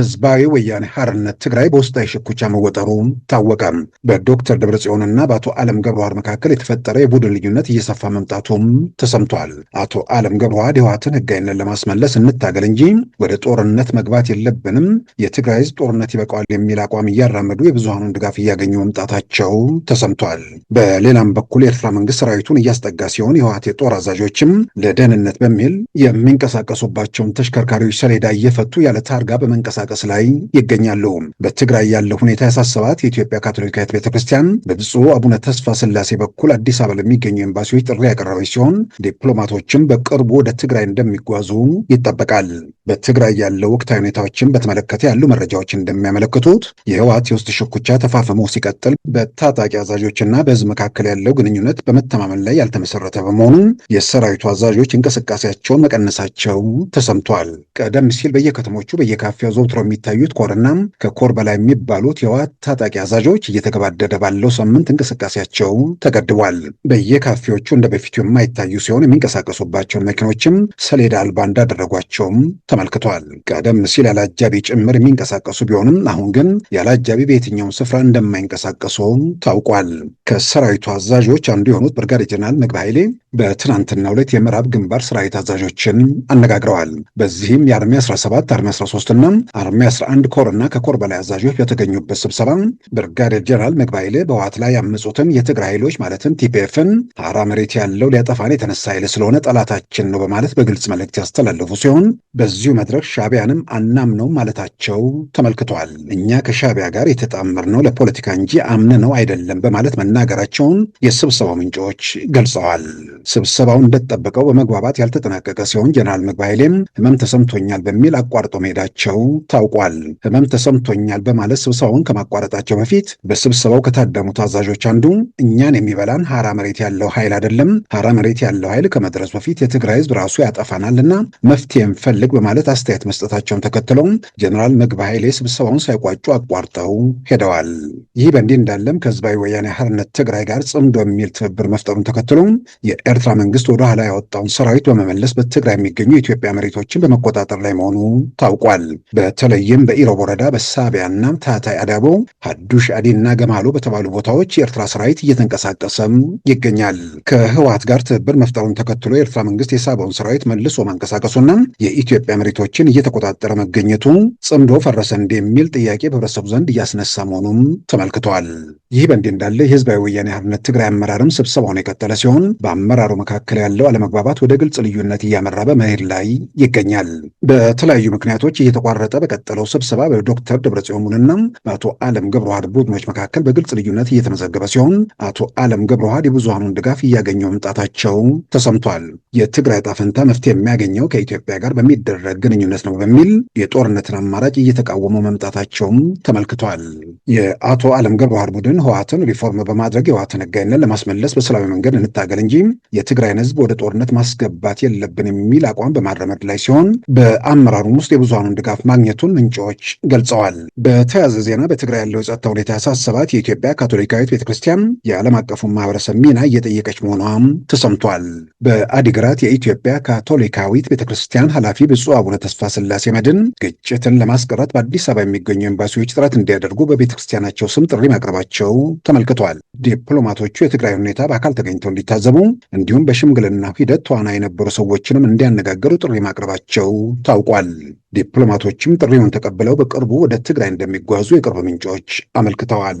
ህዝባዊ ወያኔ ሀርነት ትግራይ በውስጣዊ ሽኩቻ መወጠሩ ታወቀ። በዶክተር ደብረጽዮንና በአቶ አለም ገብረዋር መካከል የተፈጠረ የቡድን ልዩነት እየሰፋ መምጣቱም ተሰምቷል። አቶ አለም ገብረዋድ ህወሓትን ህጋዊነት ለማስመለስ እንታገል እንጂ ወደ ጦርነት መግባት የለብንም፣ የትግራይ ህዝብ ጦርነት ይበቃዋል የሚል አቋም እያራመዱ የብዙሃኑን ድጋፍ እያገኙ መምጣታቸው ተሰምቷል። በሌላም በኩል የኤርትራ መንግስት ሰራዊቱን እያስጠጋ ሲሆን የህወሓት የጦር አዛዦችም ለደህንነት በሚል የሚንቀሳቀሱባቸውን ተሽከርካሪዎች ሰሌዳ እየፈቱ ያለ ታርጋ በመንቀሳቀስ መንቀሳቀስ ላይ ይገኛሉ። በትግራይ ያለው ሁኔታ ያሳሰባት የኢትዮጵያ ካቶሊካዊት ቤተክርስቲያን በብፁዕ አቡነ ተስፋ ስላሴ በኩል አዲስ አበባ ለሚገኙ ኤምባሲዎች ጥሪ ያቀረበች ሲሆን ዲፕሎማቶችም በቅርቡ ወደ ትግራይ እንደሚጓዙ ይጠበቃል። በትግራይ ያለው ወቅታዊ ሁኔታዎችን በተመለከተ ያሉ መረጃዎች እንደሚያመለክቱት የህወሓት የውስጥ ሽኩቻ ተፋፍሞ ሲቀጥል በታጣቂ አዛዦችና በህዝብ መካከል ያለው ግንኙነት በመተማመን ላይ ያልተመሰረተ በመሆኑ የሰራዊቱ አዛዦች እንቅስቃሴያቸውን መቀነሳቸው ተሰምቷል። ቀደም ሲል በየከተሞቹ በየካፌው ዘውትሮ የሚታዩት ኮርና ከኮር በላይ የሚባሉት የህወሓት ታጣቂ አዛዦች እየተገባደደ ባለው ሳምንት እንቅስቃሴያቸው ተገድቧል። በየካፌዎቹ እንደ በፊቱ የማይታዩ ሲሆን የሚንቀሳቀሱባቸውን መኪኖችም ሰሌዳ አልባ እንዳደረጓቸውም ተመልክቷል። ቀደም ሲል ያለ አጃቢ ጭምር የሚንቀሳቀሱ ቢሆንም አሁን ግን ያለ አጃቢ በየትኛውም ስፍራ እንደማይንቀሳቀሱም ታውቋል። ከሰራዊቱ አዛዦች አንዱ የሆኑት ብርጋዴ ጀነራል ምግብ ኃይሌ በትናንትናው ዕለት የምዕራብ ግንባር ሰራዊት አዛዦችን አነጋግረዋል። በዚህም የአርሚ 17 አርሚ 13 እና አርሚ 11 ኮር እና ከኮር በላይ አዛዦች በተገኙበት ስብሰባ ብርጋዴ ጀነራል ምግብ ኃይሌ በዋት ላይ ያመፁትን የትግራይ ኃይሎች ማለትም ቲፒኤፍን ሀራ መሬት ያለው ሊያጠፋን የተነሳ ኃይል ስለሆነ ጠላታችን ነው በማለት በግልጽ መልእክት ያስተላለፉ ሲሆን በዚሁ በዚሁ መድረክ ሻቢያንም አናምነው ማለታቸው ተመልክቷል። እኛ ከሻቢያ ጋር የተጣመርነው ለፖለቲካ እንጂ አምነነው አይደለም በማለት መናገራቸውን የስብሰባው ምንጮች ገልጸዋል። ስብሰባው እንደተጠበቀው በመግባባት ያልተጠናቀቀ ሲሆን ጀነራል ምግብ ኃይሌም ህመም ተሰምቶኛል በሚል አቋርጦ መሄዳቸው ታውቋል። ህመም ተሰምቶኛል በማለት ስብሰባውን ከማቋረጣቸው በፊት በስብሰባው ከታደሙት አዛዦች አንዱ እኛን የሚበላን ሀራ መሬት ያለው ኃይል አይደለም፣ ሀራ መሬት ያለው ኃይል ከመድረሱ በፊት የትግራይ ህዝብ ራሱ እና መፍትሄ እንፈልግ በማ በማለት አስተያየት መስጠታቸውን ተከትለውም ጀኔራል ምግብ ኃይሌ ስብሰባውን ሳይቋጩ አቋርጠው ሄደዋል። ይህ በእንዲህ እንዳለም ከህዝባዊ ወያኔ ሓርነት ትግራይ ጋር ጽምዶ የሚል ትብብር መፍጠሩን ተከትሎ የኤርትራ መንግስት ወደ ኋላ ያወጣውን ሰራዊት በመመለስ በትግራይ የሚገኙ የኢትዮጵያ መሬቶችን በመቆጣጠር ላይ መሆኑ ታውቋል። በተለይም በኢሮብ ወረዳ በሳቢያና ታታይ አዳቦ፣ ሀዱሽ አዲና ገማሎ በተባሉ ቦታዎች የኤርትራ ሰራዊት እየተንቀሳቀሰም ይገኛል። ከህወሓት ጋር ትብብር መፍጠሩን ተከትሎ የኤርትራ መንግስት የሳበውን ሰራዊት መልሶ ማንቀሳቀሱና የኢትዮጵያ መሬቶችን እየተቆጣጠረ መገኘቱ ጽምዶ ፈረሰ እንደሚል ጥያቄ በህብረተሰቡ ዘንድ እያስነሳ መሆኑም ተመልክቷል። ይህ በእንዲህ እንዳለ የህዝባዊ ወያኔ ሓርነት ትግራይ አመራርም ስብሰባውን የቀጠለ ሲሆን በአመራሩ መካከል ያለው አለመግባባት ወደ ግልጽ ልዩነት እያመራ በመሄድ ላይ ይገኛል። በተለያዩ ምክንያቶች እየተቋረጠ በቀጠለው ስብሰባ በዶክተር ደብረጽዮን ሙሉና በአቶ አለም ገብረዋህድ ቡድኖች መካከል በግልጽ ልዩነት እየተመዘገበ ሲሆን አቶ አለም ገብረዋህድ የብዙሃኑን ድጋፍ እያገኙ መምጣታቸው ተሰምቷል። የትግራይ ዕጣ ፈንታ መፍትሄ የሚያገኘው ከኢትዮጵያ ጋር በሚደረግ ያተኮረ ግንኙነት ነው በሚል የጦርነትን አማራጭ እየተቃወሙ መምጣታቸውም ተመልክቷል። የአቶ አለም ገብረዋህድ ቡድን ህወሓትን ሪፎርም በማድረግ የህወሓትን ህጋዊነት ለማስመለስ በሰላማዊ መንገድ እንታገል እንጂ የትግራይን ህዝብ ወደ ጦርነት ማስገባት የለብን የሚል አቋም በማረመድ ላይ ሲሆን በአመራሩም ውስጥ የብዙሃኑን ድጋፍ ማግኘቱን ምንጮች ገልጸዋል። በተያያዘ ዜና በትግራይ ያለው የጸጥታ ሁኔታ ያሳሰባት የኢትዮጵያ ካቶሊካዊት ቤተክርስቲያን የዓለም አቀፉን ማህበረሰብ ሚና እየጠየቀች መሆኗም ተሰምቷል። በአዲግራት የኢትዮጵያ ካቶሊካዊት ቤተክርስቲያን ኃላፊ ብፁዕ አቡነ ተስፋ ስላሴ መድን ግጭትን ለማስቀረት በአዲስ አበባ የሚገኙ ኤምባሲዎች ጥረት እንዲያደርጉ በቤተ ክርስቲያናቸው ስም ጥሪ ማቅረባቸው ተመልክቷል። ዲፕሎማቶቹ የትግራይ ሁኔታ በአካል ተገኝተው እንዲታዘቡ እንዲሁም በሽምግልና ሂደት ተዋና የነበሩ ሰዎችንም እንዲያነጋገሩ ጥሪ ማቅረባቸው ታውቋል። ዲፕሎማቶችም ጥሪውን ተቀብለው በቅርቡ ወደ ትግራይ እንደሚጓዙ የቅርብ ምንጮች አመልክተዋል።